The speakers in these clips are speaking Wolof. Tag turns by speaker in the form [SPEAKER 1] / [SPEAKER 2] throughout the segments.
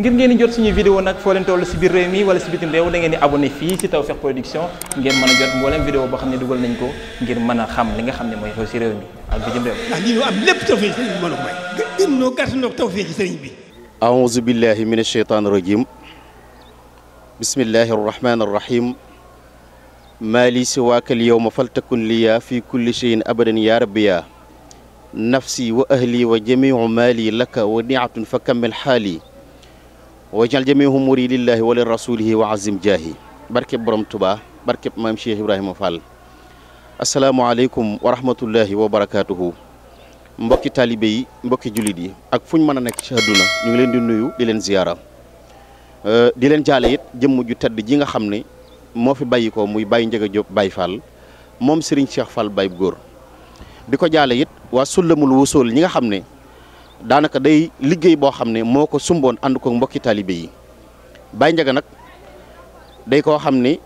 [SPEAKER 1] ngir ngeen jot suñu vidéo nag foo leen toll si biir réew mi wala si bitim réew da ngeen di abonné fii si Tawfekh Production ngeen mën a jot mboolem vidéo boo xam ne dugal nañ ko ngir mën xam li nga xam ne mooy xew si réew mi ak bitim réew. ndax lii ñu am lépp tawfeex sëriñ bi a may. gën noo gàtt noo tawfeex sëriñ bi. aouzu billahi mina shaytaani rajim bismillahi rahmaani rahim maali siwaakal yowma fi kulli cheyin abadan ya rabbi nafsi wa ahli wa jamiu maali laka wa niatun fa kammil xaali wajal jami humuri lillahi wa li rasulihi wa azim jaahi barkeb borom tubaa barkeb maam Cheikh Ibrahima Fall asalaamualeykum wa rahmatullahi wa barakaatuhu mbokki taalibe yi mbokki jullit yi ak fu ñu mën a nekk ci àdduna ñu ngi leen di nuyu di leen ziyaara euh, di leen jaale it jëmm ju tedd ji nga xam ne moo fi bàyyi ko muy Baye a Diop Baye Fall moom Serigne Cheikh Fall Baye góor di ko jaale it waa Sullamul Wusul ñi nga xam ne daanaka day liggéey boo xam ne moo ko sumboon ànd ko mbokki taalibe yi Baye Ndiaga nag day ko xam ne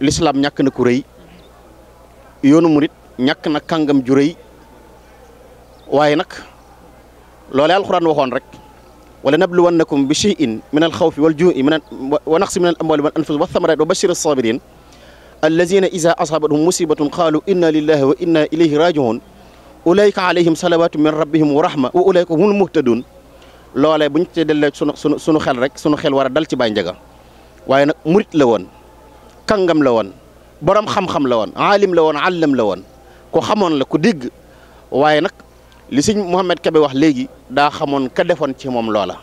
[SPEAKER 1] lislaam ñàkk na kuréy rëy yoonu murit ñàkk na kàngam ju rëy waaye nag loolee alxuraan waxoon rek wala nabluwannakum bi shay'in min alxawfi wal juu'i min wa naqsi min al amwali wal anfusi wa thamaraati wa bashir as-sabirin allazina iza asaabathum wa inna ilayhi rajiun ulayka alayhim salawaatu min rabbihim wa rahma wa ulayka humul muhtadun loolee buñ ci dellee sunu sunu sunu xel rek sunu xel war a dal ci Baye waaye nag murit la woon kàngam la woon borom xam la woon aalim la woon àllam la woon ku xamoon la ku digg waaye nag li sëñ Mouhamed Kebe wax léegi daa xamoon ka defoon ci moom loola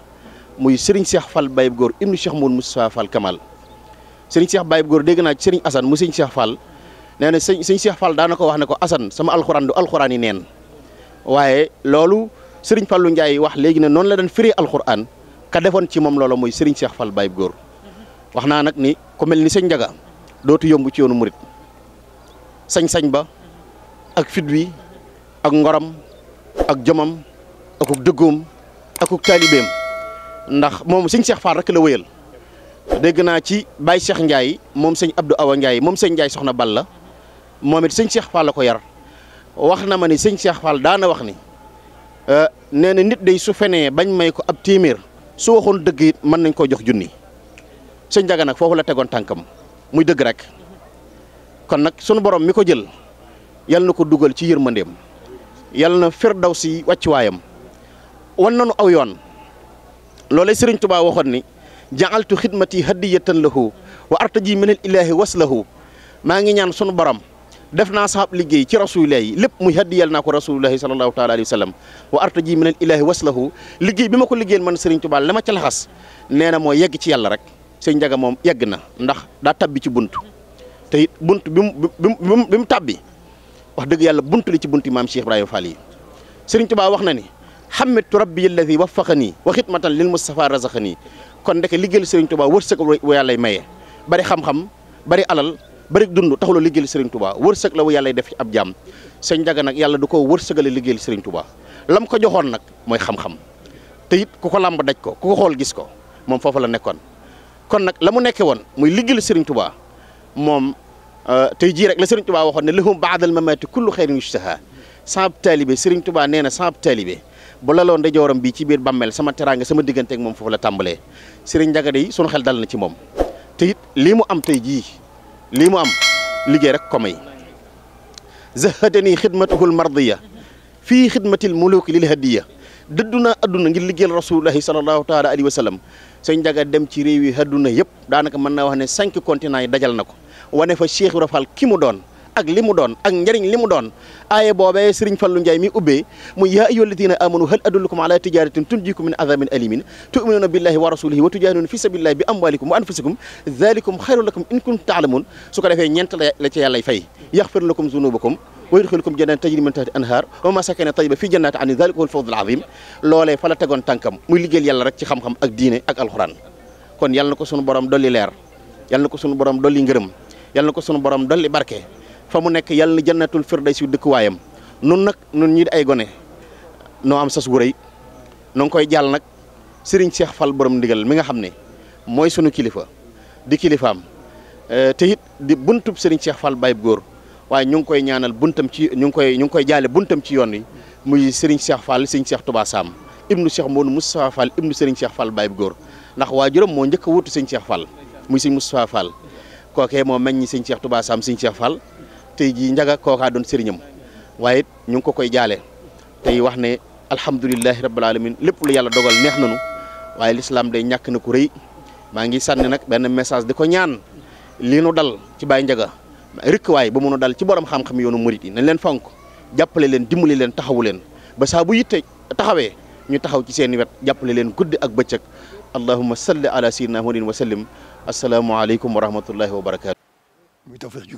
[SPEAKER 1] muy Serigne Cheikh Fall Baye Góor ibnu Cheikh Moul Moustapha Fall Kamal Serigne Cheikh Baye Góor dégg naa ci Serigne Assane mu Serigne Cheikh nee na sëñ sëñ Cheikh Fall daana ko wax na ko Assane sama alxuraan du alxuraan yi neen waaye loolu sëriñ Fallou Ndiaye wax léegi ne noonu la daan firi alxuraan ka defoon ci moom loola mooy sëriñ Cheikh Fall Baye góor wax naa nag ni ku mel ni sëñ Ndiaga dootu yomb ci yoonu murit sañ-sañ ba ak fit wi ak ngoram ak jomam akuk dëggoom akuk taalibeem ndax moom sëñ Cheikh Fall rek la wëyal dégg naa ci Baye Cheikh Ndiaye moom sëñ Abdou Awa Ndiaye moom sëñ Ndiaye soxna Balla moom it sëñ Cheikh Fall la ko yar wax na ma ni sëñ Cheikh Fall daana wax ni euh, nee na nit day su fenee bañ may ko ab téeméer su waxoon dëgg it mën nañ koo jox junni sëñ Njaga nag foofu la tegoon tànkam muy dëgg rek kon nag sunu borom mi ko jël yal na ko dugal ci yërmandeem yal na firdawsi wàccuwaayam wan nanu aw yoon loolay sëriñ Tuubaa waxoon ni ja'altu xidmati la lahu wa artaji min al ilaahi waslahu maa ngi ñaan sunu borom def naa saxab liggéey ci rasulillahi lépp muy haddiyal naa ko rasulillahi sallallahu taala alayhi wa sallam wa artaji min al ilahi waslahu liggéey bi ma ko liggéeyal man Serigne Touba la ma ca laxas nee na moo yegg ci yàlla rek sëñ Ndiaga moom yegg na ndax daa tabbi ci bunt te bunt bi mu bi wax dëgg yàlla bunt li ci bunti maam Cheikh Ibrahima Fall yi Serigne Touba wax na ni xammitu rabbi alladi waffaqani wa xidmatan lil Mustafa razaqani kon ndeke liggéeyal Serigne Touba wërsëg wa yàllay maye bari xam-xam bari alal bërik dund taxula liggéeyal Serigne Touba wërsëg la wu yàlla def ci ab jaam sëñ Njaga nag yàlla du ko wërsëgale liggéeyal Serigne Touba lam ko joxoon nag mooy xam-xam te it ku ko làmb daj ko ku ko xool gis ko moom foofu la nekkoon kon nag la mu nekke woon muy liggéeyal Serigne Touba moom euh, tey jii rek la Serigne Touba waxoon ne lahum baadal mamaati kullu xayrin yushtaha saab taalibe Serigne Touba nee na saab taalibe bu laloon ndeyjooram bii ci biir bàmmeel sama teraanga sama diggante moom foofu la tàmbalee Serigne Njaga yi sunu xel dal na ci moom lii mu am tey jii lii mu am liggéey rek ko may zahadani xidmatuhul mardiya fii xidmatil muluki lil hadiya dëddu naa adduna ngir liggéeyal rasulullahi salallahu taala alayhi wa sallam sëñ Njaga dem ci réew yi adduna yëpp daanaka mën naa wax ne cinq continents yi dajal na ko wane fa Cheikh Ibra ki mu doon ak li mu doon ak njëriñ li doon aaye boobee Sëriñ Fallu Njaay mi ubbee mu yaa ayyuha alladina amanu hal adullukum ala tijaratin tunjikum min azabin alimin tuminuuna billahi wa rasulihi wa tujahiduna fi bi amwalikum wa anfusikum dhalikum xayrun in kuntum taalamun su defee ñeent la ci yàllay fay yaxfir lakum zunubakum wa yudxilukum jannatin tajri min wa masakina tayiba fi jannati adnin dhalika huwa alfawzul fa mu nekk yàlla na jannatul firdays yu waayam nun nag nun ñi ay gone noo am sas wu rëy nu ngi koy jàll nag sëriñ Cheikh Fall borom ndigal mi nga xam ne mooy sunu kilifa di kilifaam eh, te it di buntub sëriñ Cheikh Fall Baye góor waaye ñu ngi koy ñaanal buntam ci ñu ngi koy ñu ngi koy jaale buntam ci yoon wi muy sëriñ seex Fall sëriñ Cheikh Touba Sam ibnu seex Modou Moustapha Fall ibnu sëriñ Cheikh Fall bu góor ndax waajuram moo njëkk a wutu sëriñ Cheikh Fall muy sëriñ Moustapha Fall kookee moo meññ sëriñ Cheikh Touba Sam sëriñ Cheikh Fall tey jii njaga kookaa doon sëriñam waaye it ñu ngi ko koy jaale tey wax ne alhamdulilahi rabbil alamin lépp lu yàlla dogal neex na nanu waaye lislaam day ñàkk na ku rëy maa ngi sànni nag benn message di ko ñaan lii nu dal ci Baye Ndiaga rikk waay ba mënu dal ci borom xam-xam yoonu murit yi nañ leen fonk jàppale leen dimbali leen taxawu leen ba saa bu yitte taxawee ñu taxaw ci seen wet jàppale leen guddi ak bëccëg allahumma salli ala sayyidina muhammadin wa sallim assalaamu aleykum wa rahmatullahi wa barakaatu muy tawfeex ju